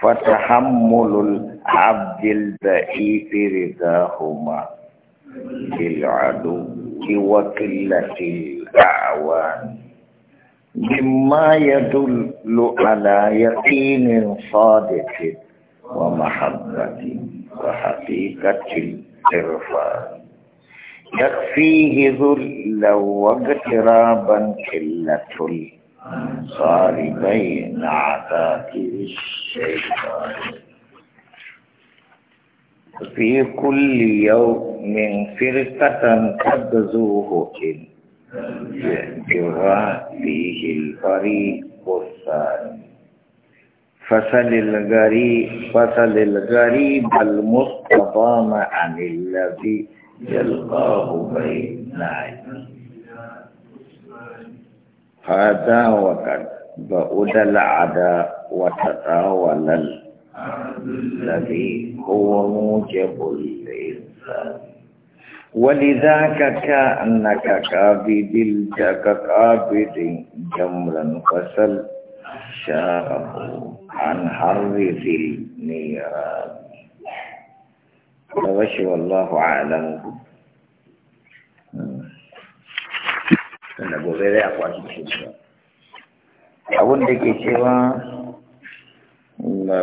فتحمل العبد البعيد رضاهما للعدو وقلة الأعوان مما يدل على يقين صادق ومحبة وحقيقة الإرفان يكفيه ذل واقترابا قلة بين عذاب الشيطان في كل يوم من فرقة تبذوه إن جرى فيه الفريق الثاني فسل الغريب فسل الغريب المستضام عن الذي يلقاه بين عينيه هذا وقد بعد العداء وتطاول الذي هو موجب الإنسان ولذاك كأنك كابد كقابد جمرا فسل شاره عن حر ذي النيران وشو والله أعلم tunda gobe zai a kwashi da shi abin da ke cewa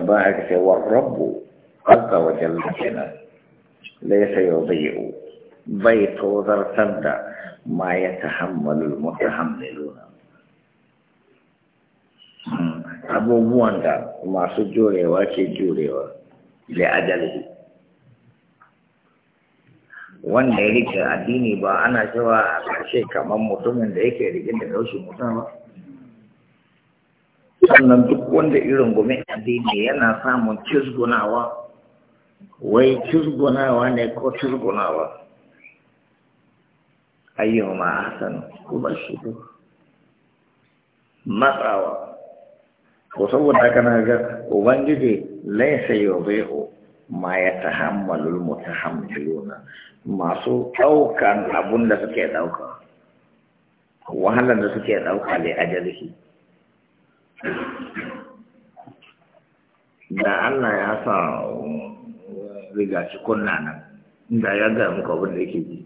ba a ce wa rabu azza wa jalla kenan laysa yudhi'u bai tozartar da ma ya tahammalul mutahammiluna hmm, abubuwan da masu jurewa ke jurewa li ajalihi wanda ya rike addini ba ana cewa a ƙarshe kamar mutumin da yake rike da yaushe mutum ba sannan duk wanda irin gume addini yana samun cizgunawa wai cizgunawa ne ko cizgunawa ayyau ma hasan ba shi ku matsawa ko saboda haka na ga ubangiji laisa yau bai'u ma ya tahammalul mutahammiluna masu ɗaukan abun da suke ɗauka wahalar da suke ɗauka ne ajalihi da Allah ya sa riga cikin nan da ya ga muku abin da yake ji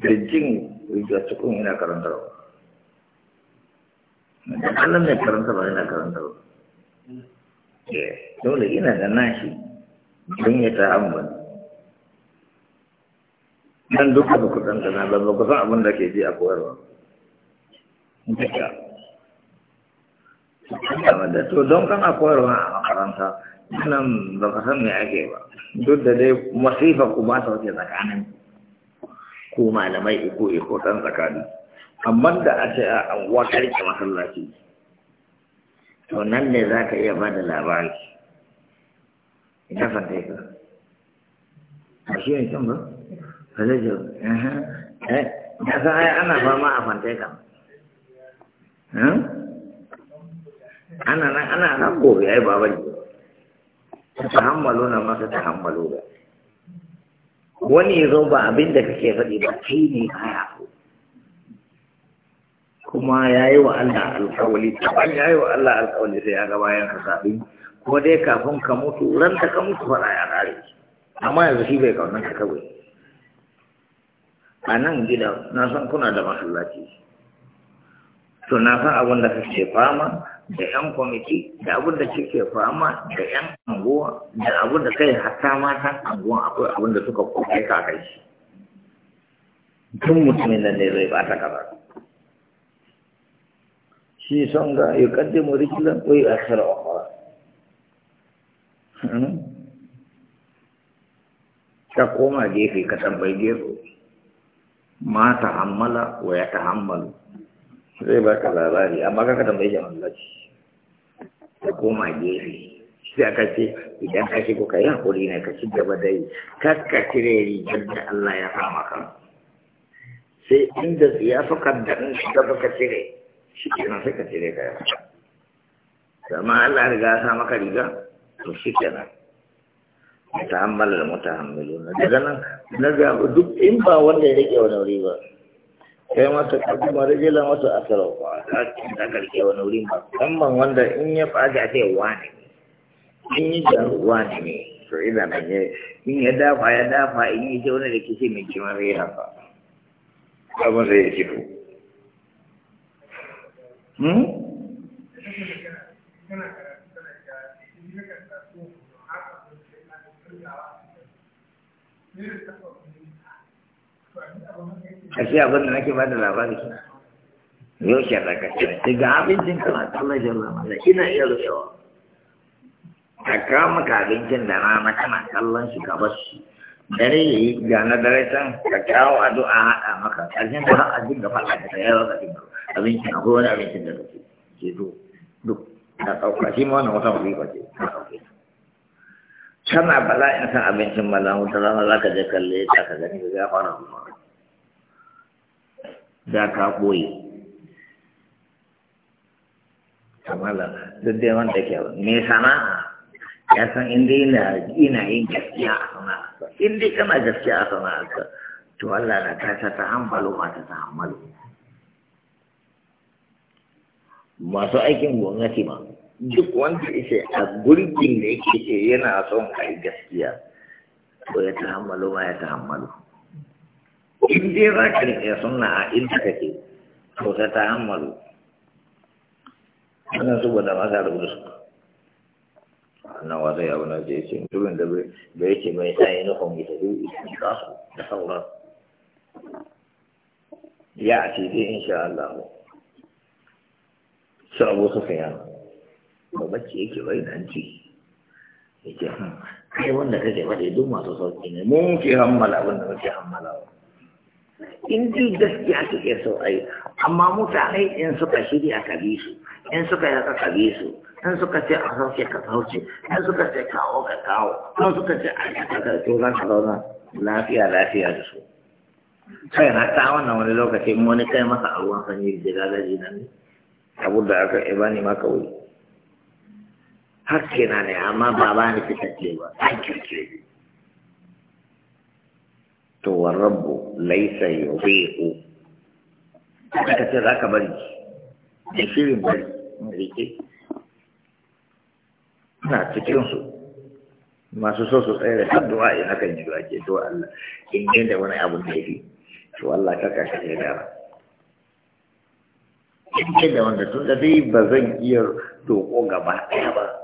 da jin riga cikin yana karantarwa da Allah ne karantarwa yana karantarwa eh, dole ina da nashi don ya ta amman dan duka ba ku tantana ba ba ku san abin da ke ji a koyarwa da to don kan a koyarwa a makaranta nan ba ka san me ake ba duk da dai masifa ku ba ta wuce tsakanin Ko malamai iko iko dan tsakani amma da a ce a anguwa karke masallaci to nan ne za ka iya ba da labari ina fata ya ana fama a ka nan ana nan ba bari ta hammalo na masa ta da wani ya ba faɗi ba kuma ya yi wa Allah alƙawali taban ya yi wa Allah alƙawali sai ya ga bayan hasabin ko dai kafin ka mutu ran ta ka mutu fara ya rare amma yanzu shi bai kaunan ka kawai a nan gida na san kuna da masallaci to na san abin da kake fama da yan kwamiti da abin da kake fama da yan anguwa da abin da kai hatta mata anguwa akwai abin da suka kuka ka kai shi tun mutumin nan ne zai bata kaza shi son ga yukaddimu rikilan wa yu'akhiru ka hmm? koma gefe ka tambayi gefe. ma ta hammala wa ya ta hammalu zai ba ka labari amma ka ka tambayi jama'a lalaci ta koma gefe sai aka ce idan ka shigo ka yi haƙuri ne ka ci gaba da yi kakka cire rigar da Allah ya sa maka sai inda ya suka da in shiga baka cire shi kenan sai ka cire ka yi Sama Allah riga ya sa maka riga to shi kenan ta hammala da mata hammilu na daga nan na zaɓi duk in ba wanda ya rike wani wuri ba kai mata kaji ma rage la mata asara za a cikin da karke wani wuri ba musamman wanda in ya faɗi a ce wani ne in yi da wani ne to ina nan ne in ya dafa ya dafa in yi ce wani da kishi mai kima zai hafa abin sai ya fito ashe abin da nake ba da labari yau shi da shi sai ga abincin kana kallon jalla mala ina iya rushewa ka kama ka abincin da rana kana kallon shi ka bar shi dare ya yi ga na dare can ka kawo addu'a haɗa maka ƙarshen da a dinga faɗa da kai yawa ka dinga abincin akwai wani abincin da kake ke to duk na ɗauka shi ma wannan wata mafi ce na ɗauke kana bala'in san abincin malamu ta rana za ka je kalle ta ka gani ga ya fara kuma da ka koyi kamala duk dai wanda ke me sana'a ya san inda ina ina yin gaskiya a sana'a in kana gaskiya a sana'a to Allah na ta ta ta hammalo ma ta ta hammalo masu aikin gwamnati ba. duk wanda yake a gurgin da yake ce yana son a yi gaskiya to ya ta hammalu ma ya ta hammalu in dai za ka riƙe suna a inda kake to ta ta hammalu wannan su ma maza da wurin su wannan wata yawon na ce ce mutumin da bai ce mai sa yi nufin ita duk ita su da sauran ya ce dai insha Allah su abu su fiye babbaci yake bai da ce yake hmm, kai wanda kake faɗe duk masu sauƙi ne mun ke hammala abin da muke hammalawa in ji gaskiya ke so ai amma mutane in suka shirya ka bi su in suka yaka ka bi su in suka ce a sauke ka sauke in suka ce kawo ka kawo in suka ce a yaka ka to za ka zauna lafiya lafiya da su kai na ta wannan wani lokaci wani kai masa a ruwan sanyi da gazaji nan abu da aka ibani maka wuri haske na ne amma ba ba ni take ba ai kirkire to wa rabbu laysa yubi'u ka ce za ka bari da shirin bari rike na cikin su masu so su tsaye da har du'a in hakan yi ke to Allah in yi da wani abu da yafi to Allah ka ka shi da in yi da wanda tun da dai ba zan iya roƙo gaba ɗaya ba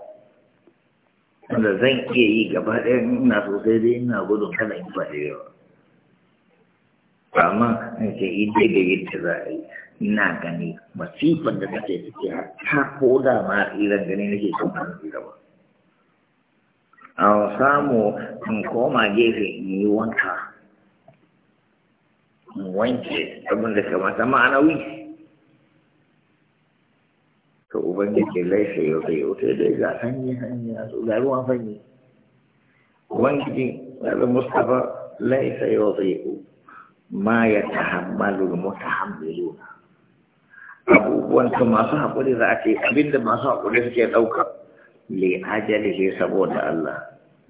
wanda zan iya yi gaba ɗaya ina so sai dai ina gudun kada in faɗi yawa amma in ce dai da yadda za a yi ina gani masifan da take ciki ta ko da ma tsiran gani nake kan ban tsira ba a samu in koma gefe in yi wanka in wanke abin da kamata ma'ana ubangiji laisa yau da yau sai dai ga sanyi sanyi a su ga ruwan sanyi ubangiji da mustafa laisa yau da yau ma ya tahammalu mutahammiluna abubuwan su masu haƙuri za a ce abinda masu haƙuri suke ɗauka li sai saboda Allah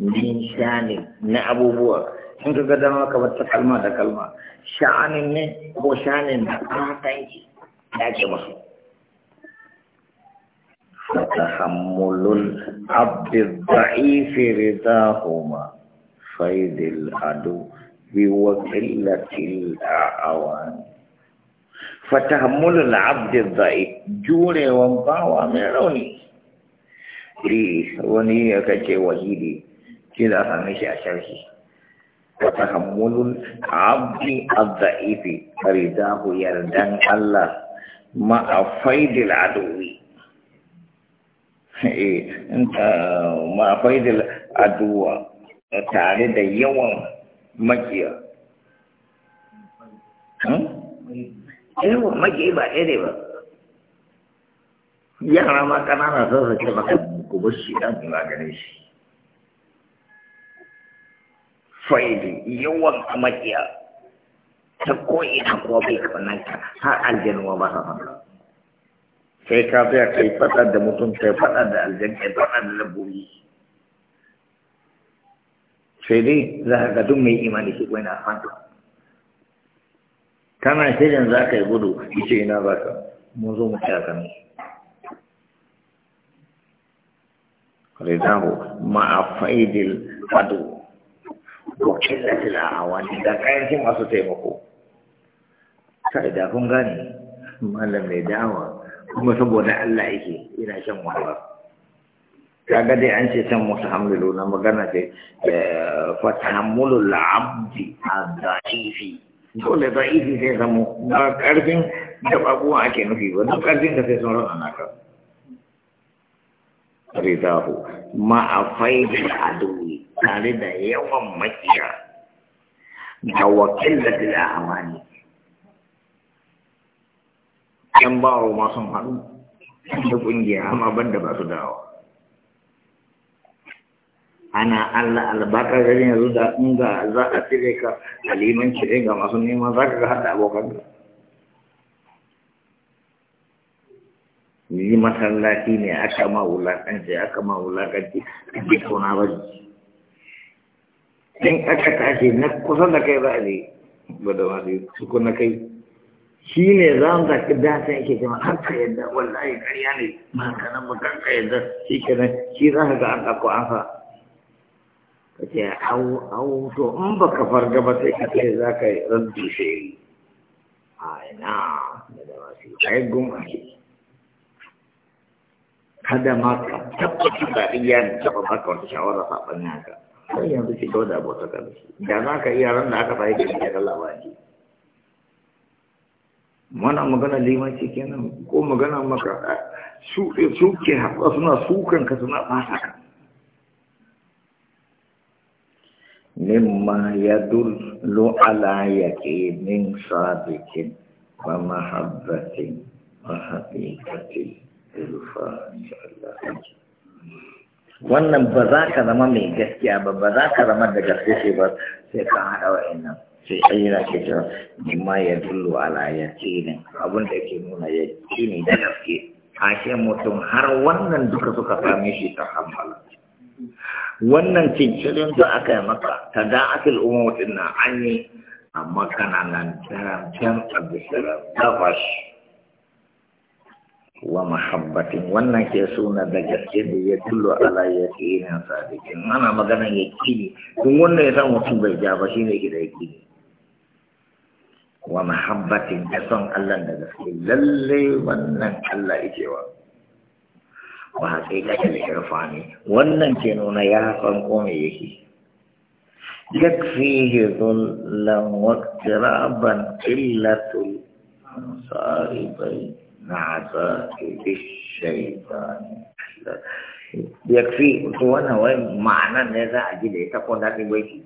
min shani na abubuwa in ka ga dama kamar ta kalma da kalma sha'anin ne ko sha'anin da fatan ki ya ke masu فتحمل العبد الضعيف رضاهما فيد العدو بوكلة الأعوان فتحمل العبد الضعيف جوري وانباوى من روني لي إيه، وني كتي وهيدي كلا فمشي أشرحي وتحمل العبد الضعيف رضاه يردان الله مع فيد العدو Eh, mafai da aduwa tare da yawan makiya hmm? yawan makiya ba ɗaya ne ba yara ma ƙanana sun sake maka gobe shi ɗan na ganin shi faidi yawan makiya ta ko'ina ko bai kamanta har aljanuwa ba sa kai ka tsaya kai faɗa da mutum kai faɗa da aljan kai faɗa da labuyi sai dai za ka ga duk mai imani shi kwai na fata kana shirin za ka yi gudu ce ina ba ka mun zo mu ka kan ridahu ma'a faidil fadu ko a wani da kayan masu taimako Sai da kun gane malam mai dawa kuma saboda Allah yake ina shan wahala kaga dai an ce san mutahammilu na magana ce eh, fa al abdi adhaifi dole dhaifi sai samu ba karfin da babuwa ake nufi ba duk karfin da sai son rana ka ridahu ma afaidul aduwi tare da yawan makiya da da amani yan baro masu sun haɗu da ƙungiya amma ban da ba su dawa ana Allah albakar gari yanzu da in ga za a cire ka aliman cire ga masu nema za ka ga haɗa abokan ka yi masallaci ne aka ma wulaƙanci aka ma wulaƙanci a ke suna bari in aka tashi na kusa da kai za a je ba da masu su kuna kai shi ne za mu zaki dasa yake cewa har ka yadda wallahi ƙarya ne ba ka nan ba kar ka yadda shi ke nan shi za ka ga an ɗauko an sa ka ce au to in ba ka farga ba sai ka ce za ka yi rabbi shi a ina da da wasu ai goma shi kada ma ka tabbaci ba iya ne taɓa ba ka wata shawara saɓanin haka sai yanzu kawai gauda abota ka da shi da za ka iya ran da aka fahimta da ya ga labari mana magana limanci kenan ko magana maka Suke ke haɗa suna sukan ka suna ɓata ka mimma ya dullu ala yaƙi min sabikin wa mahabbatin wa haƙiƙatin ilfa wannan ba za ka zama mai gaskiya ba ba za ka zama da gaske ba sai ka haɗa nan. sai an yana ke cewa nima ya dullu ala yaqinin abin da ke nuna ne da gaske ashe mutum har wannan duka suka same shi ta kammala wannan cincirin da aka yi maka ta da akil umar na an yi a makana nan tarantar a bisirar gabas wa mahabbatin wannan ke suna da gaske da ya dullo ala ya tsina sadikin ana maganan yakini kun wannan ya san mutum bai ja ba shine gida ne. wa mahabbatin da son Allah da gaske lalle wannan Allah yake wa sai wa haqiqatul irfani wannan ke nuna ya san ko me yake yakfihi dhullan wa iqtiraban illatul saribai na'ata bishaytan yakfi to wannan wai ma'ana ne za a ji da ita ko da bai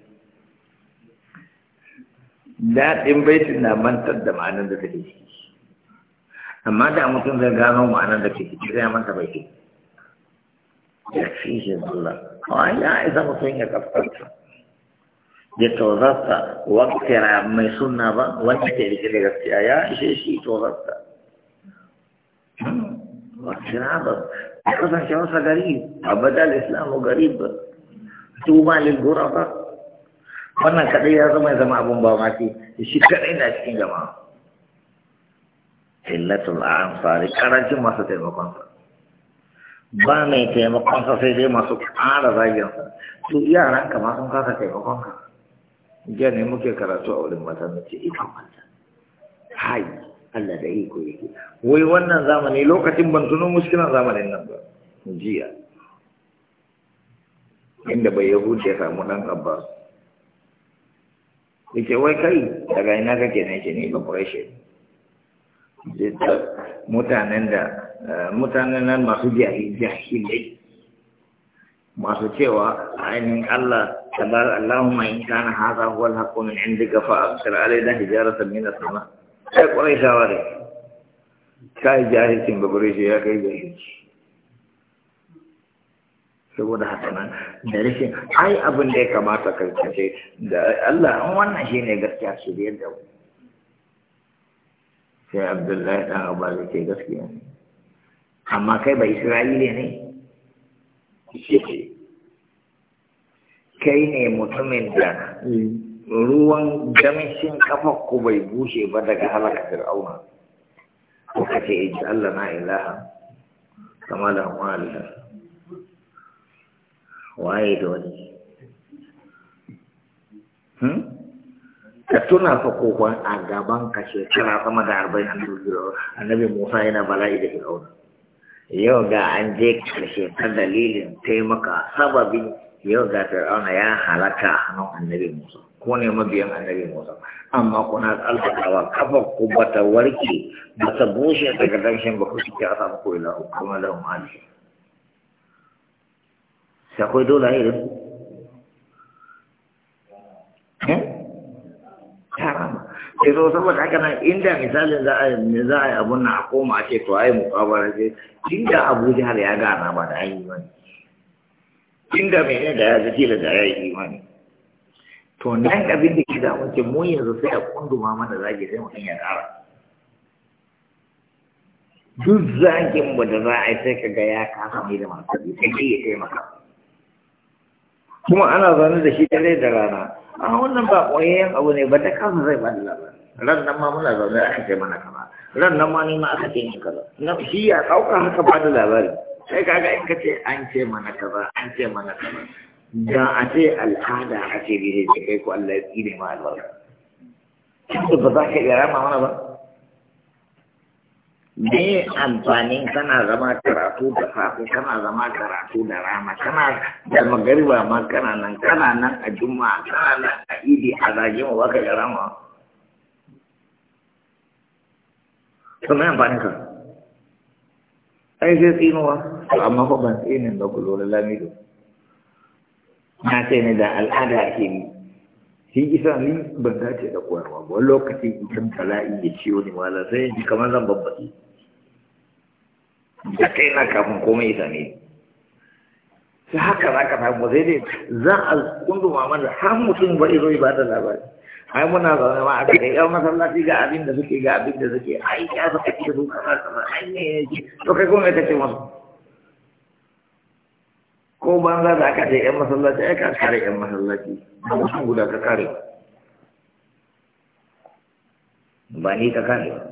daɗin baitin na mantar da ma'anar da take ciki amma da mutum zai gano ma'anar da take ciki zai manta baiti ya fi shi zulla kawai ya isa mutum ya kafarta ya tozarta wakira mai suna ba wanda ke rike da gaskiya ya ishe shi tozarta wakira ba ya kasance masa gari a badal islamu ba tuba lil ba. wannan kadai ya zama zama abun ba maki shi kadai na cikin jama'a illatul ansari karancin masu taimakon sa. ba mai taimakon sa sai dai masu ƙara sa. to yaran ka ma sun kasa taimakon ka. jiya ne muke karatu a wurin mata ce ikon mata hai Allah da iko yake wai wannan zamani lokacin ban tuno muskilan zamanin nan ba jiya inda bai yi ya samu dan abbas yace wai kai daga ina kake ne ce ni ba mutanen da eh, mutanen nan masu jahilai masu cewa ainihin Allah tabar Allahumma in kana hadha huwa al-haqqu min indika fa absir alaina hijaratan min as-sama sai quraishawa ne kai jahilcin ba kureshe ya kai jahilci saboda haka nan da rashin ai abin da ya kamata karkace da Allah an wannan shi ne gaskiya su biyar da sai abdullahi ɗan abu da ce gaskiya ne amma kai ba isra'ili ne kai ne mutumin da ruwan damishin kafa ku bai bushe ba daga halaka fir'auna ko kace Allah na ilaha kama da wani waye da wani hmm? ka tuna fa kokon a gaban ka shekara sama da arba'in an dubiro annabi musa yana bala'i da fir'auna yau ga an je karshe ta dalilin taimaka sababin yau ga fir'auna ya halaka a hannun annabi musa ko ne mabiyan annabi musa amma kuna alfatawa kafa ku bata warke ba ta bushe daga danshin ba ku cike a samu ko ila'u kuma lahum alihi sai akwai dole a irin harama eh? sai so saboda haka nan inda misalin za a yi za a yi abun na a koma a ce to a yi mukabara ce inda abu jihar ya gana ba da an yi wani inda mai ne da ya zaci da ya yi imani to nan abin da ke da wace mu yanzu sai a kunduma mana za zagi sai mutum ya kara duk zagin mu da za a yi sai ka ga ya kasa mai da masu sai ya taimaka kuma ana zaune da shi dare da rana a wannan ba ƙwayayyen abu ne ba ta kansa zai ba da labarin ran nan ma muna zaune aka ce mana kaza ran nan ma ne ma aka ce ni kaza na shi ya ɗauka haka ba da labari sai kaga in ka ce an ce mana kaza an ce mana kaza da a ce al'ada a ce bihe ce kai ko Allah ya tsine ma albarka. Ba za ka iya rama mana ba? me amfanin kana zama karatu da safe kana zama karatu da rana kana da magariba ma kana nan kana nan a juma'a kana nan a idi a zage mu baka da rama to me amfanin ka ai sai tsinuwa amma ko ban tsinin da kulo da lamido na ce ne da al'ada ake yi shi isa ni ban dace da koyarwa ba wani lokaci idan tala'i ya ciwo ne wala sai ji kamar zan babbaɗi da kai na kafin komai ya same ta haka za ka samu zai ne za a kunduma mana har mutum ba izo ba da labari ai muna zaune ma a kai yau masallaci ga abin da suke ga abin da suke ai ya zaka ci da duka ba kamar ai ne yake to kai kuma ce masu? ko ban za ka ce yan masallaci ai ka kare yan masallaci ba mutum guda ka kare ba ni ka kare ba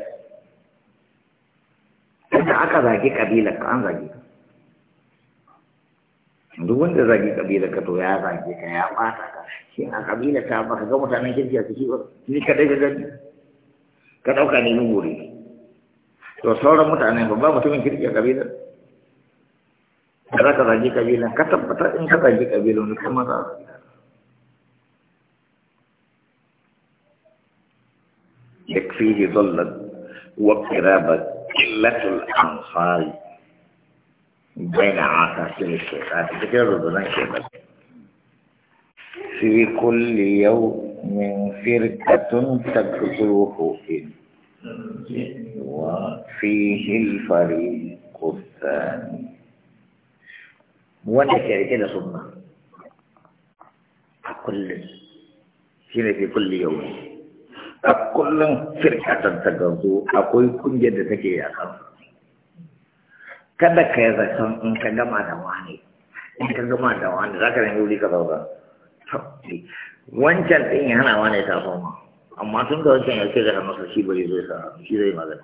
yadda aka zage kabilar ka an zage, ka duk wanda zage kabilar ka to ya zage ka ya bata ka shi a kabilar ta baka ga mutanen kirki a ciki ba ni kadai ka gani ka dauka ne mun gore to sauran mutanen ba mutumin kirki a kabilar da za ka zagi kabilan ka tabbata in ka zage kabilan ne kuma za a yakfihi zallat wa qirabat قلة الأنصار بين عساكر الشيطان تجرب نكبة في كل يوم من فرقة تكذوه وفيه الفريق الثاني وانا كده سنة كل في كل يوم a kullum firkatar ta gazo akwai kungiyar da take a kan kada ka yi zaton in ka gama da wani in ka gama da wani za ka nemi wuri ka zaura wancan ɗin ya hana wani ta fama amma tun da wancan ya ce daga masa shi bari zai sa shi zai magana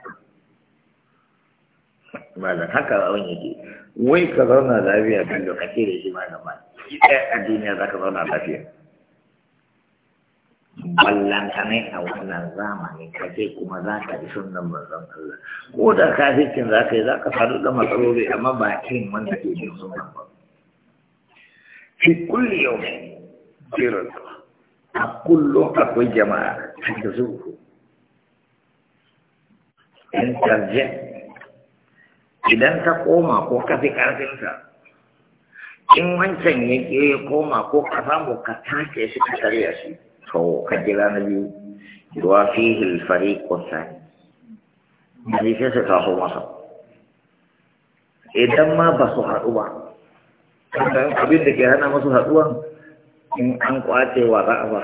da haka wani yake wai ka zauna lafiya kan da kake da shi malam ba ɗaya a duniya za ka zauna lafiya ballanta ne a wannan zamani kake kuma za ka ji sunan manzon Allah ko da kafircin za ka yi za ka faru da matsaloli amma ba irin wanda ke jin sunan ba fi kulli yau jiran a kullum akwai jama'a da zuku in tarje idan ka koma ko ka fi ƙarfinsa in wancan ya koma ko ka samu ka take shi ka karya shi to ka jira biyu wa fihi al-fariq al-thani ne sai su idan ma ba su haɗu ba abin ke hana masu haɗuwa in an kwace wa a ba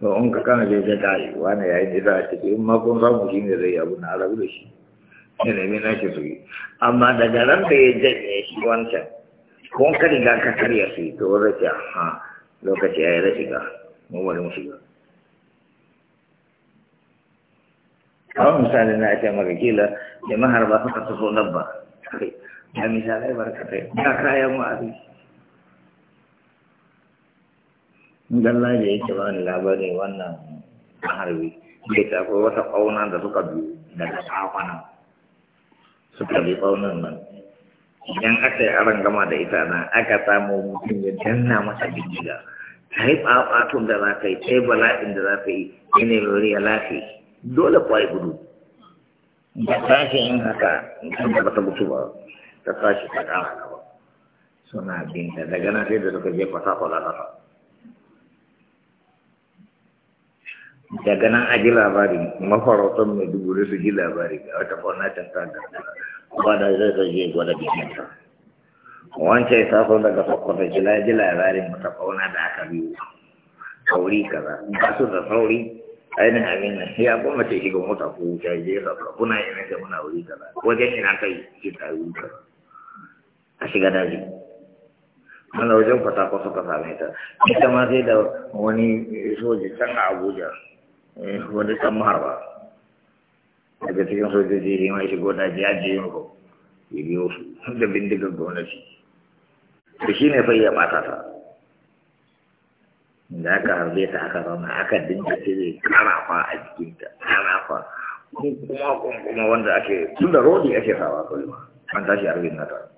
to in ka kana je ga dai wani a ne zai ne ne shi su yi amma daga nan da ya janye shi wancan kun ka riga ka karya su to zai ce ha lokaci ya yi da shiga mu bari mu shiga kawai misali na ce maka kila jama'ar ba suka taso nan ba a misalai barkatai ta kayan wa'azi dalla da yake ba ni labarin wannan harbi da ta akwai wata ƙauna da suka biyu daga tsawanan suka bi ƙaunar nan yang ada orang aron di da ita na aka samu nama ya juga. masa bindiga ta yi ɓaɓatun da za ka yi ta yi bala'in da za ka yi yana yi ya lafi dole gudu ba ta shi in haka in da ba ta mutu ba ta tashi ta ƙara gaba suna binta daga nan sai daga nan a labari mafarautar mai dubure su ji labari ga wata kwana can ta ba da zai zai je gwada bikin ta wancan ya taso daga fakwata jila ji labarin wata kwana da aka biyu sauri kaza ba su da sauri ainihin abin nan ya goma ce shiga mota ko wuce je sa kuna yana da muna wuri kaza wajen ina kai ki ta wuri a shiga daji mana wajen fata ko suka same ta ita ma sai da wani soja can a abuja Eh, wani ɗan maharba daga cikin sojoji ne mai shigo da jaji yin ko ya biyo su da bindigar gwamnati da shi ne fa ya ɓata ta da aka harbe ta aka zauna aka dinka cire karafa a jikinta karafa kuma kuma wanda ake tun da rodi ake sawa kawai ma an tashi harbe nata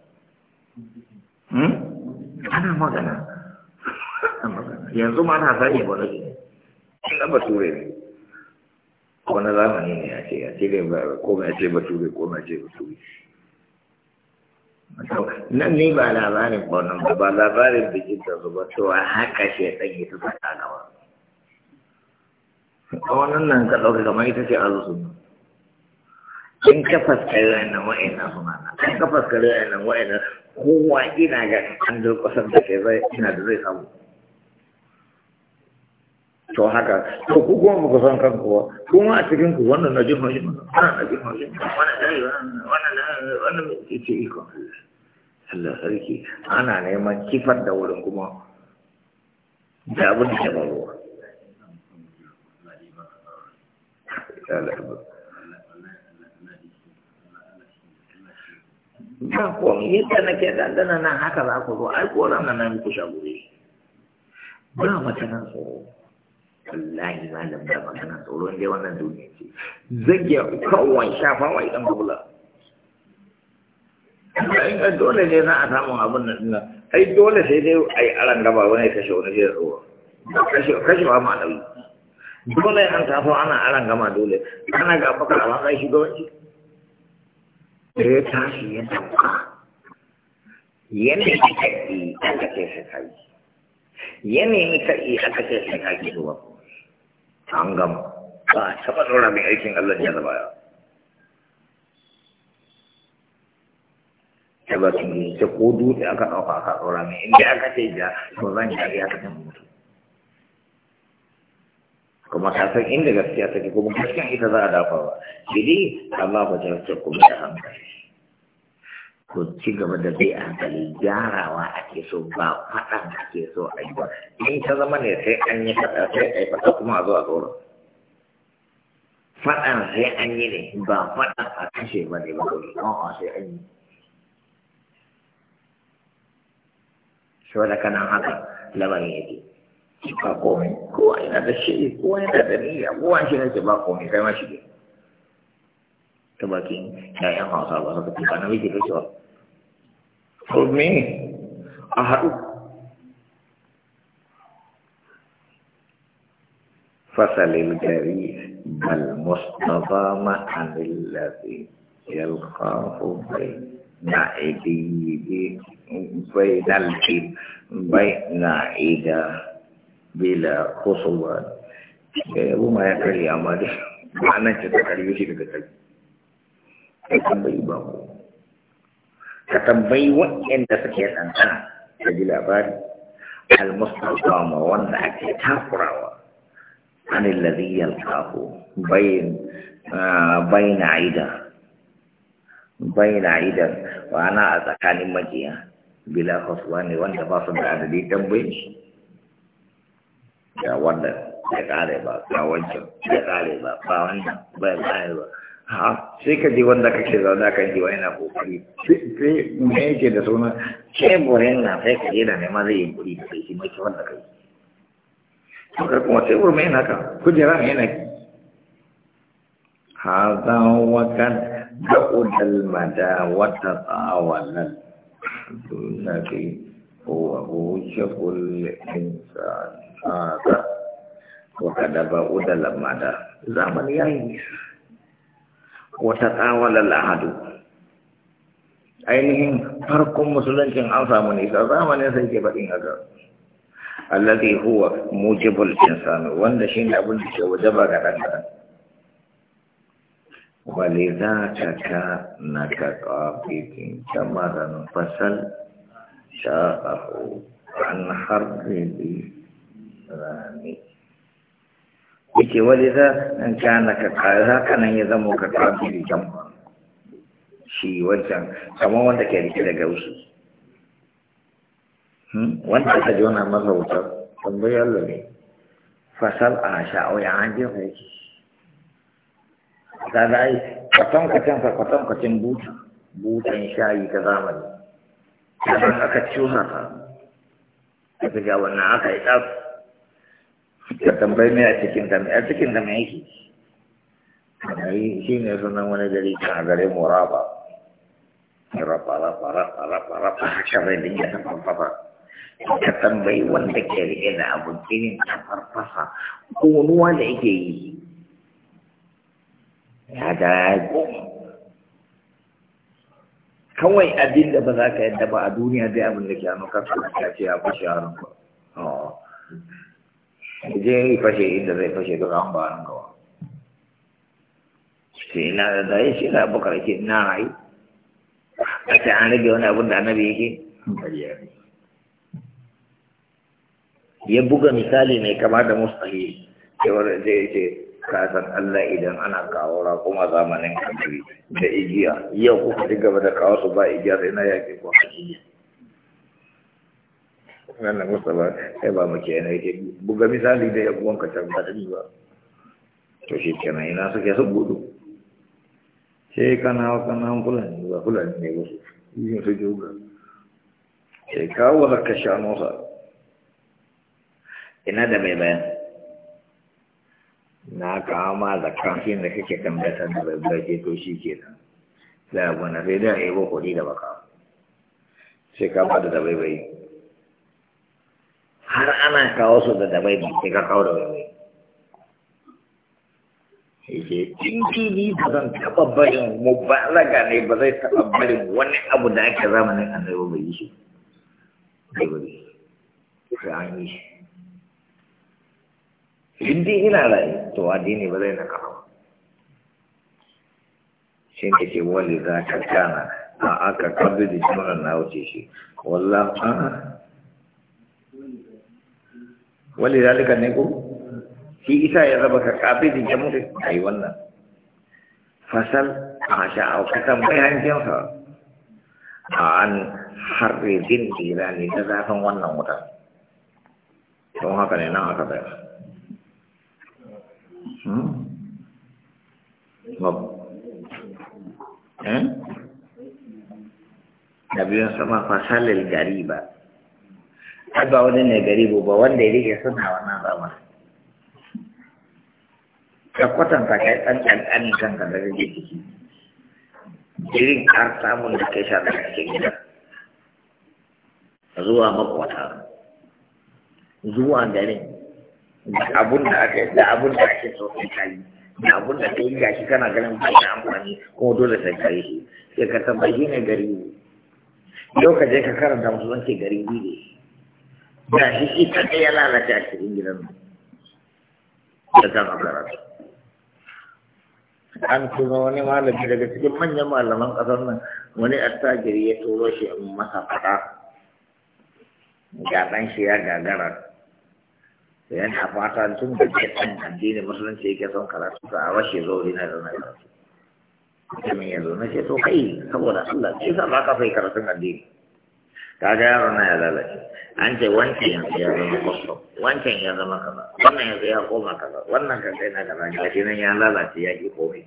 hmm? ana magana yanzu ma na sani gwamnati ne Ina ba ture ne wani zamani ne ya ce a ce ba ko mai ce ba turi ko mai ce ba bature nan ne ba labarin kwanan ba ba labarin bikin da zuba cewa haka shi ya tsaye ta na wa a wannan nan ka ɗauka kamar ita ce azu sun in ka faskari wa'in na suna nan in ka faskari wa'in na kowa ina ga an durƙasar da ke zai ina da zai samu to haka to ku kuma muku san kan kuwa kuma a cikin ku wannan na jin haushin wannan na jin haushin wannan na wannan wannan ce iko Allah sarki ana neman kifar da wurin kuma da abin da ke faruwa ba komi yadda nake dandana nan haka za ku zo ai koran nan na muku shaguri ba mata nan tsoro wallahi malam da magana tsoron ne wannan duniya ce zage kawai shafa wai dan bula in dole ne za a samu abin nan dinnan ai dole sai dai ai aran gaba wani kashe wani zai tsoro kashe kashe ba ma nauyi dole an tafi ana aran gama dole ana ga baka a kai shugabanci da ya tashi ya dauka yanayin kaɗi aka ce shi kaji yanayin kaɗi aka ce shi kaji zuwa an gama ba a taɓa ɗora mai aikin Allah ya zaba ya Taba ba su yi ta ko dutse aka ɗauka aka ɗora mai inda aka ce ja to zan ja ya ka can mutu kuma ta san inda gaskiya take kuma gaskiyan ita za a dafa ba shi Allah ba ta kuma da hankali ku ci gaba da zai hankali gyarawa ake so ba faɗan ake so a yi ba in ta zama ne sai an yi faɗa sai a yi faɗa kuma a zo a tsoron faɗan sai an yi ne ba faɗan a kashe ba ne ba Kuma a sai an yi shi wadda kanan haka lamarin yake ba komai kowa yana da shiri kowa yana da niyya kowa shi ne ba komai kai ma shi ne ta bakin ƴaƴan hausa ba suka ce ba namiji da wa to me a haɗu fasalin gari bal mustafa ma'anin lafi yalkafu bai na idiyi bai dalci bai na ida bila kusurwa ya yabu ma ya karya amma dai ma'anar ta karyo shi daga karfi ya kan bai ba mu ka tambayi waɗanda suke tsanta ka ji labari almustaqama wanda ake takurawa an allazi yalqahu bayn ah, bayna aida bayna aida wa ana a tsakanin majiya bila khuswani wanda ba su da adadi tambayin Ya wanda ya kare ba ya wancan ya kare ba ba wannan ba ya kare ba ha sai ka ji wanda kake zaune kan jiwa yana kokari sai me yake da suna teburin na sai ka je da nema zai yi kuri da shi maki wanda kai to kai kuma sai mai yana ka kujera mai yana ki hadha wa kan da'udal mada wa tatawalal dunaki huwa hujjatul insan hadha wa kadaba udal mada zaman yayi nisa Wata وتطاول ahadu ainihin farkon musuluncin an samu nisa zamanin sai ke baɗin haka allazi huwa mujibul insani wanda shi ne abin da ke waje ba ga ɗan ɗan wale za ka ka na ka ƙafikin kamaran fasal sha'ahu an harbe rani yake wani za in kana ka kaza kana ya zama ka kafiri jama'a shi wancan kamar wanda ke rike da gausu wanda ka jona masa wuta tambayi Allah ne fasal a sha'o ya an jefa yake ta da ai kwatankwacin sa kwatankwacin buta butan shayi ta zamani ta aka ciwa ta ta ga wannan aka yi ɗafi ka tambayi me a cikin ta a cikin ta mai yake shi ne sunan wani gari kan gare mu raba raba raba raba raba raba haka zai dinga ta farfasa ka tambayi wanda ke riƙe da abun jinin ta farfasa Ko konuwa da yake yi ya ga ya kawai abin da ba za ka yadda ba a duniya dai abin da ke hannu kan ka ce ya fashe harin ba Jadi yi fashe inda zai fashe duka an ba an gawa sai ina da dai shi da bukar ke ina rayu a ce an rage wani abin da annabi yake ya buga misali mai kama da mustahi cewar zai ce kasan Allah idan ana kawo kuma zamanin kamar da igiya yau kuka ci gaba da kawo su ba igiya sai na yake ko hajiya nan na musa ba sai ba mu kenan yake buga misali da ya uwanka can ba dani ba to shi kenan ina suke su gudu sai kana kana fulani ba fulani ne wasu yin su juga sai kawo da ka sha nosa ina da mai bayan na kama da kafin da kake tambatar da bai bai to shi kenan sai abu na sai da ya yi kuɗi da baka sai ka bada da bai bai har ana kawo su da dabai da ke kakau kawo da wani yake in fili ba zan taɓa barin mubalaga ne ba zai taɓa barin wani abu da ake zamanin a zai wani shi bai wani sai an yi shi in dai ina rai to addini ba zai na kawo shi ne ke wani za ka kana a aka kabbi da jimunan na wuce shi wallah a'a wali zalika ne ko shi isa ya zaba ka kafi da jamu da yi wannan fasal a sha'au ka tambayi hankinsa a an harbin irani da zafin wannan wutar don haka ne nan aka bayar hmm? hmm? na biyun sama fasalil gariba ai ba wani ne gari ba wanda ya rike suna wannan zama ka kwatanta kai ɗan ƙanƙanin kanka da rage jiki irin har samun da kai sha daga cikin gida zuwa makwata zuwa garin da abun da ake da abun da ake so kai kai da abun da kai gashi kana ganin ba da amfani ko dole sai kai shi sai ka tabbaci ne gari yau ka je ka karanta musulunci gari ne da shi ita ne ya lalata a cikin gidan mu. da kan agarata an tuna wani malami daga cikin manyan malaman ƙasar nan wani attajiri ya turo shi a masa fata gaban shi ya gagara yana fata tun da ke san addini musulunci yake son karatu ta a rashe zo na da na karatu mutumin yanzu na ce to kai saboda Allah sai sa ba ka fai karatun addini kaga yaro na ya lalace an ce wancan yanzu ya zama kwasto wancan ya zama kaza wannan yanzu ya koma kaza wannan kan kai na kaza gashi nan ya lalace ya ki komai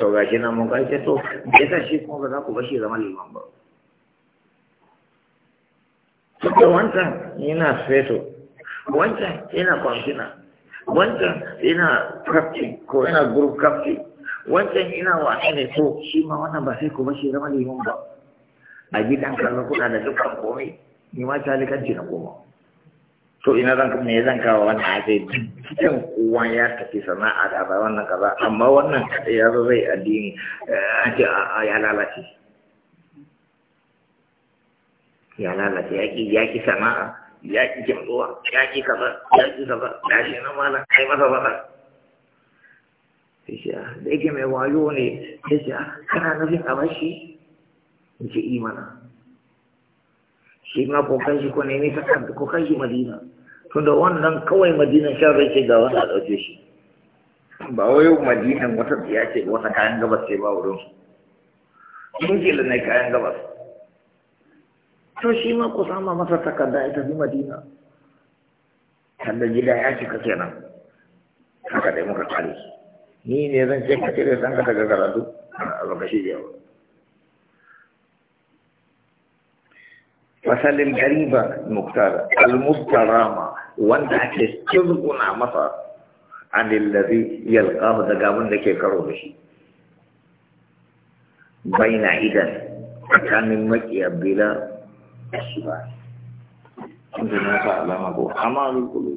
to gashi nan mun kai to yasa shi kuma ba za ku bashi zama liman ba Suka wancan yana feto, wancan yana kwamfina, wancan yana kafti ko yana gurup kafci, wancan yana wa ne to shi ma wannan ba sai ku bashi zama liman ba. a ɗan kallon kuna da dukkan komai ni ma talikanci na koma to ina zan me zan kawo wannan a ce kowa ya tafi sana'a da ba wannan kaza amma wannan ya zo zai addini eh, a ce ya lalace ya lalace ya ki ya ki sana'a ya ki kimtsuwa ya ki kaza ya ki kaza ya shi na malam kai masa zaba sai ah, da yake mai wayo ne sai shi ah, kana nufin a bashi ce imana shi ma ko kai shi ko ne ta kanta ko kai shi madina tunda wannan kawai madina shan rai ce ga wani a ɗauke shi ba wai madina wata tsiya ce wata kayan gabas ce ba wurin da ne kayan gabas to shi ma ku sama masa takarda ita bi madina tanda gida ya cika kenan haka dai muka kare ni ne zan ce kake da ɗanka daga karatu a baka shi jawa fasalin gariba muktar al-mustarama wanda ake tsirkuna masa anil ladhi yalqahu daga gaban da ke karo da shi baina idan kanin makiya bila shi ba. Inda na sa alama ko amalu kulu